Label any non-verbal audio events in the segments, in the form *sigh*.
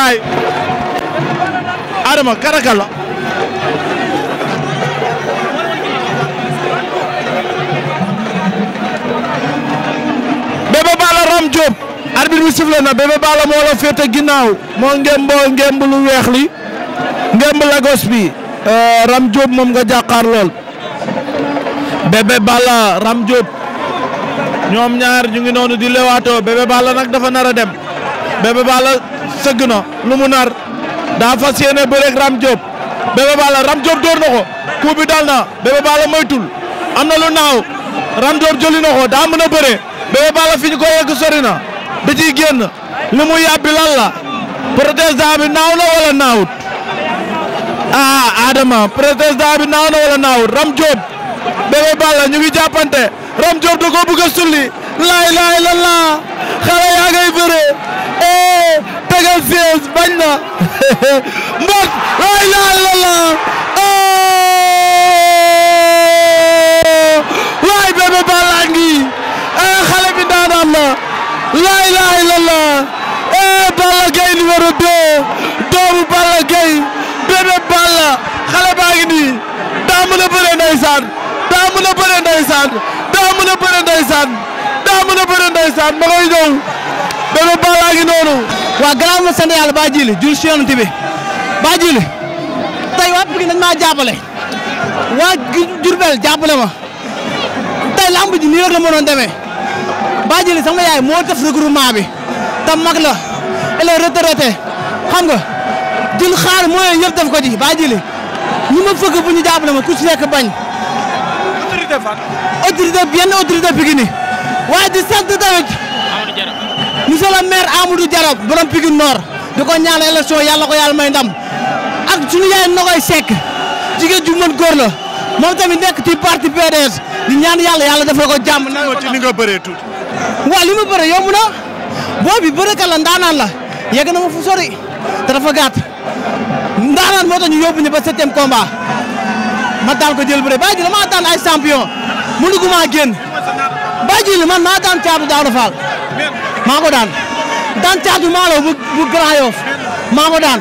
kaay Adama karaka la bi sifflé na Bébé Balla moo la féete ginnaaw moo ngemb lu weex li ngemb Lagos bi euh, Ram moom nga jàkkaar lool Bébé Balla Ram ñoom ñaar ñu ngi noonu di lewaatoo Bébé Balla nag dafa nar a dem Bébé Balla sëgg lu mu nar daa fas yéene bëreeg Ram Diop Bébé Balla Ram Diop door na ko coup bi dal am na lu naaw Ram Diop jëli daa mën a bëre Bébé Balla fi ko yegg sori na da lu mu yàbbi lan la protestant naaw na wala naawut ah Adama protestant bi naaw na wala naawut Ram Diop Bébé Balla ñu ngi Ram Diop da koo bëgg a sulli laay laay la laa xale yaa ngay bëre eh, tegal siège bañ na *laughs* mbot la ilaha illallah oh! waay Bébé Balla ngi eh, xale bi daanaan la la ilaha illallah eh, Balla Gaye numéro 2 doomu Balla Gaye Bébé Balla xale baa ngi nii daa mën a bëre ndeysaan daa mën a bëre ndeysaan daa mën a Balla ngi noonu waaw gannaaw ma sant yàlla baa jili jul si yonent bi baa jili tey waa Pikine maa jàppale waa Jurbel jàppale ma tey lamb ji nii baa jili sama yaay moo def regroupement bi te mag la elle est retraitée xam nga jël xaar mooy yëpp ko ci baa jili ñi ma fëgg bu ñu jàppale ma ku ci nekk bañ autorité fan autorité yenn autorité Pikine waaye di monsieur le maire Amadou Diarra borom Pikine Nord di ko ñaan élection yàlla ko yàlla may ndam ak suñu yaay Nogoy Seck jigéen ju mën góor la moom tamit nekk ci parti PDS di ñaan yàlla yàlla defal ko jàmm. na ci li nga bëree tuuti. waaw li ma bëree yomb na boobu bërekat la ndaanaan la yegg na ma fu sori te dafa gàtt ndaanaan moo tax ñu yóbbu ñu ba septième combat ma daan ko jël bëre bàyyi ji damaa daan ay champion mënu ko maa génn bàyyi ji na maa daan caatu Daouda Fall. maa ko daan daan caatu maalo bu bu Grand Yoff maa ko daan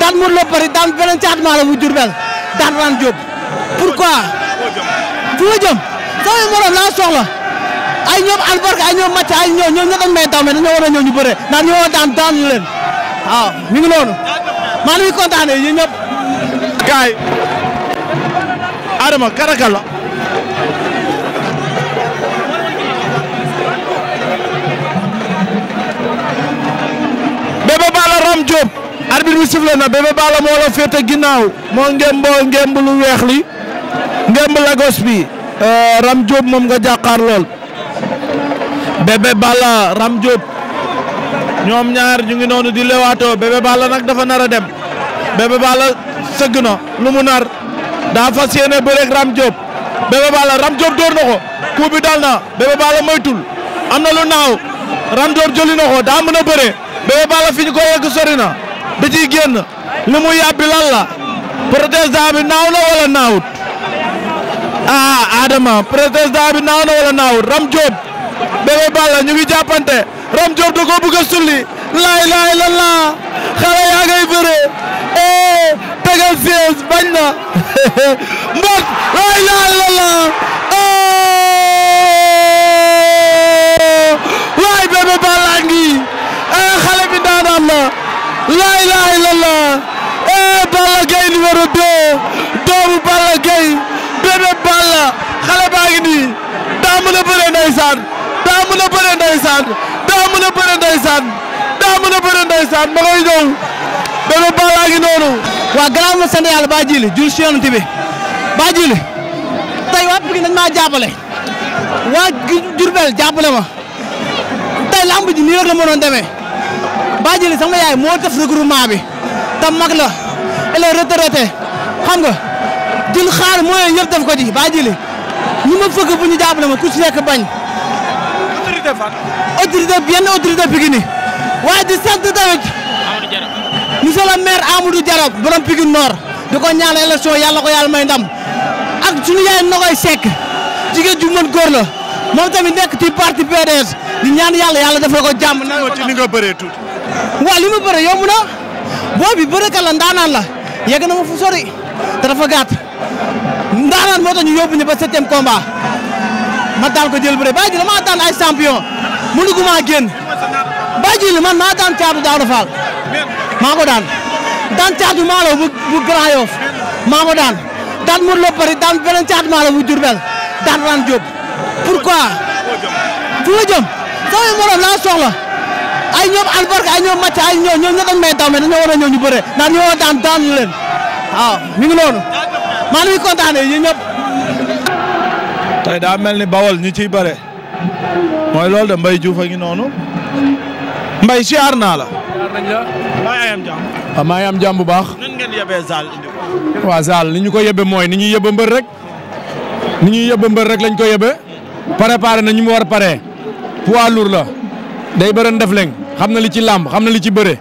daan Modou Lo Paris daan beneen caatu maalo bu Diourbel daan Rane Diop pourquoi fu ma jëm sama morom laa soxla ay ñoom albarka ay ñoom Mathia ay ñoom ñoom ñoo dañ may daw mais dañoo war a ñëw ñu bëre ndax ñoo war daan daan ñu leen waaw mi ngi noonu maa ngi kontaanee yéen ñëpp. gars yi Adama karakal la. bi na Bébé Balla moo féete ginnaaw moo ngemb lu weex li Lagos bi euh, Ram Diop moom nga jàkkaar lool Bébé bala Ram ñoom ñaar ñu ngi noonu di lewaatoo Bébé Balla nag dafa nar a dem Bébé Balla sëgg na lu mu nar daa fas yéene ba rek Bébé Balla Ram door na ko dal na Bébé Balla moytul am na lu naaw Ram Diop jëli daa mën a bëre Bébé Balla fi ko yegg sori da génn li mu yàbbi lan la protestant bi naaw na naawut ah Adama protestant bi naaw na wala naawut Ram Diop Bébé Balla ñu ngi jàppante Ram Diop da koo bëgg a sulli laay laay lan xale yaa ngay bëree eh tegal siège bañ *laughs* mbot laay laay lan la eh, waay Bébé Balla ngi eh xale bi ndaanaan la laa ilaaha illallah eh Balla Gaye numéro 2 doomu Balla Gaye bébé Balla xale baa ngi nii daa mën a bëre ndeysaan daa mën a bëre ndeysaan daa mën a bëre ndeysaan daa noonu. waa gannaaw ma baa jili jur si yonent baa jili tey waa Pikine dañ maa jàppale waa Jurbel jàppale ma tey lamb ji nii rek la demee. bàjjili sama yaay moo def regroupement bi tam mag la elle est retraitée xam nga jël xaar mooy yëpp def ko ji ñu ma fëgg bu ñu jàppale ma ku ci nekk bañ. autorité fan. autorité yenn autorité Pikine waaye di sant tamit. Amadou Diarab. monsieur le maire Amadou Diarab borom Pikine Nord. di ko ñaanal élection yàlla ko yàlla may ndam ak suñu yaay na sek sekk jigéen ju mën góor la moom tamit nekk ci parti PDS di ñaan yàlla yàlla defal ko jàmm. na ci ni nga bëree waaw li ma bëre yomb na boo bi bërekat la ndaanaan la yegg na ma fu sori te dafa gàtt ndaanaan moo tax yóbbu ñu ba septième combat ma daan ko jël bëre bàyyi ji damaa daan ay champion mënu ko maa génn bàyyi ji man naa daan caatu daaw dafaal maa ko daan daan caatu maalo bu bu Grand Yoff maa ko daan daan Modou Lo Paris daan beneen caatu maalo bu Diourbel daan Rane Diop pourquoi fu ma jëm sama morom laa ay ñoom albarka ay ñoom Mathia ay ñoom ñoom ñoo dañ may daw mais dañoo war a ñëw mi ngi noonu maa ngi kontaanee daa mel ni bawol ñu ciy bëre mooy loolu de Mbaye Diouf a ngi noonu mbay siyaar naa la. waaw ah, maa ngi am jàmm bu baax. nan ngeen yebee Zal indi ko. ni ñu ko yebe mooy ni ñuy yebe mbër rek ni ñuy yebe mbër rek lañ ko yebe préparé na ñu mu war a paree poids la. day bëran def leng xam na li ci làmb xam na li ci bëre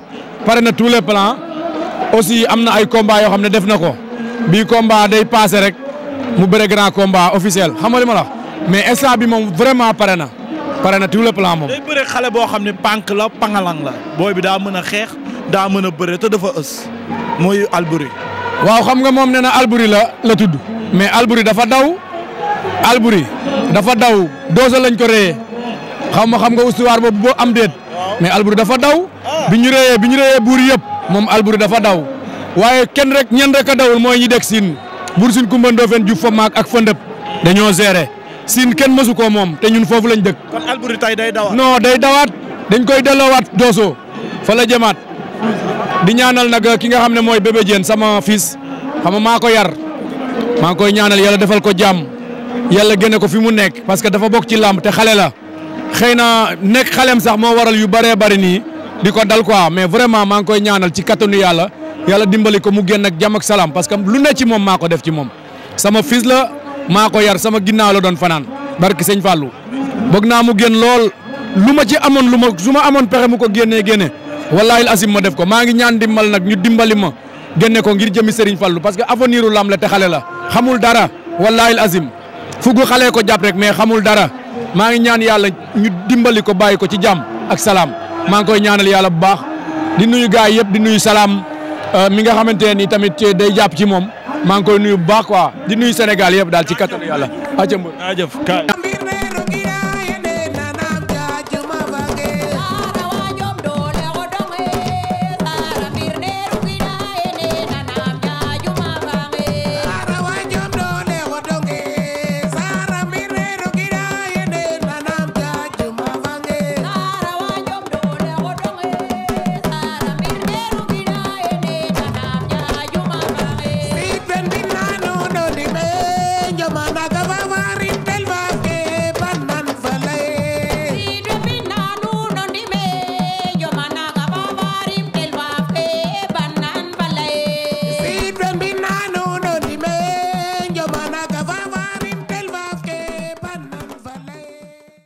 pare na tous les plans aussi am na ay combat yoo xam ne def na ko bii combat day passé rek mu bëre grand combat officiel xam nga li ma la mais instant bi moom vraiment pare na pare na tous les plans moom. day bëre xale boo xam ne pànk la pangalang la boo bi daa mën a xeex daa mën a bëre te dafa ës mooy Alboury. waaw xam nga moom nee na Alboury la la tudd mais Alboury dafa daw Alboury dafa daw dose lañ ko réyee. xam ma xam nga ustuwaar boobu boo am déet mais Alboury dafa daw ah. bi ñu réyee bi ñu réyee buur yëpp moom Alboury dafa daw waaye kenn rek ñen rek a dawul mooy ñi deg siin buur siin Kumba Ndoofeen Diouf fa maak ak fëndëb dañoo gérer siin kenn mësu ko moom te ñun foofu lañ dëkk. kon tey day dawaat. non day dawaat dañ koy delloowaat dooso fa la jëmaat di ñaanal nag ki nga xam ne mooy bébé Diène sama fils xam nga maa ko yar maa koy ñaanal yàlla defal ko jàmm yàlla génne ko fi mu nekk parce que dafa bokk ci làmb xale la. xëy na nekk xalem sax moo waral yu bëree bëri nii di ko dal ko quoi mais vraiment maa ngi koy ñaanal ci kattanu yàlla yàlla dimbali ko mu génn ak jàmm ak salaam parce que lu ne ci moom maa ko def ci moom sama fils la maa ko yar sama ginnaaw la doon fanaan barki sëñ Fallou bëgg naa mu génn lool lu ma ci amoon lu ma su ma amoon pexe mu ko génnee génne wallaahi asim ma def ko maa ngi ñaan dimbal nag ñu dimbali ma génne ko ngir jëmi Serigne Fallou parce que avenir u lam la te la xamul dara wallaahi asim fugu xale ko jàpp mais xamul dara. maa ngi ñaan yàlla ñu dimbali ko bàyyi ko ci jàmm ak salaam maa ngi koy ñaanal yàlla bu baax di nuyu gars yëpp di nuyu salaam euh, mi nga xamante ni tamit day jàpp ci moom maa ngi koy nuyu bu baax quoi di nuyu Sénégal yëpp daal ci kattanu yàlla.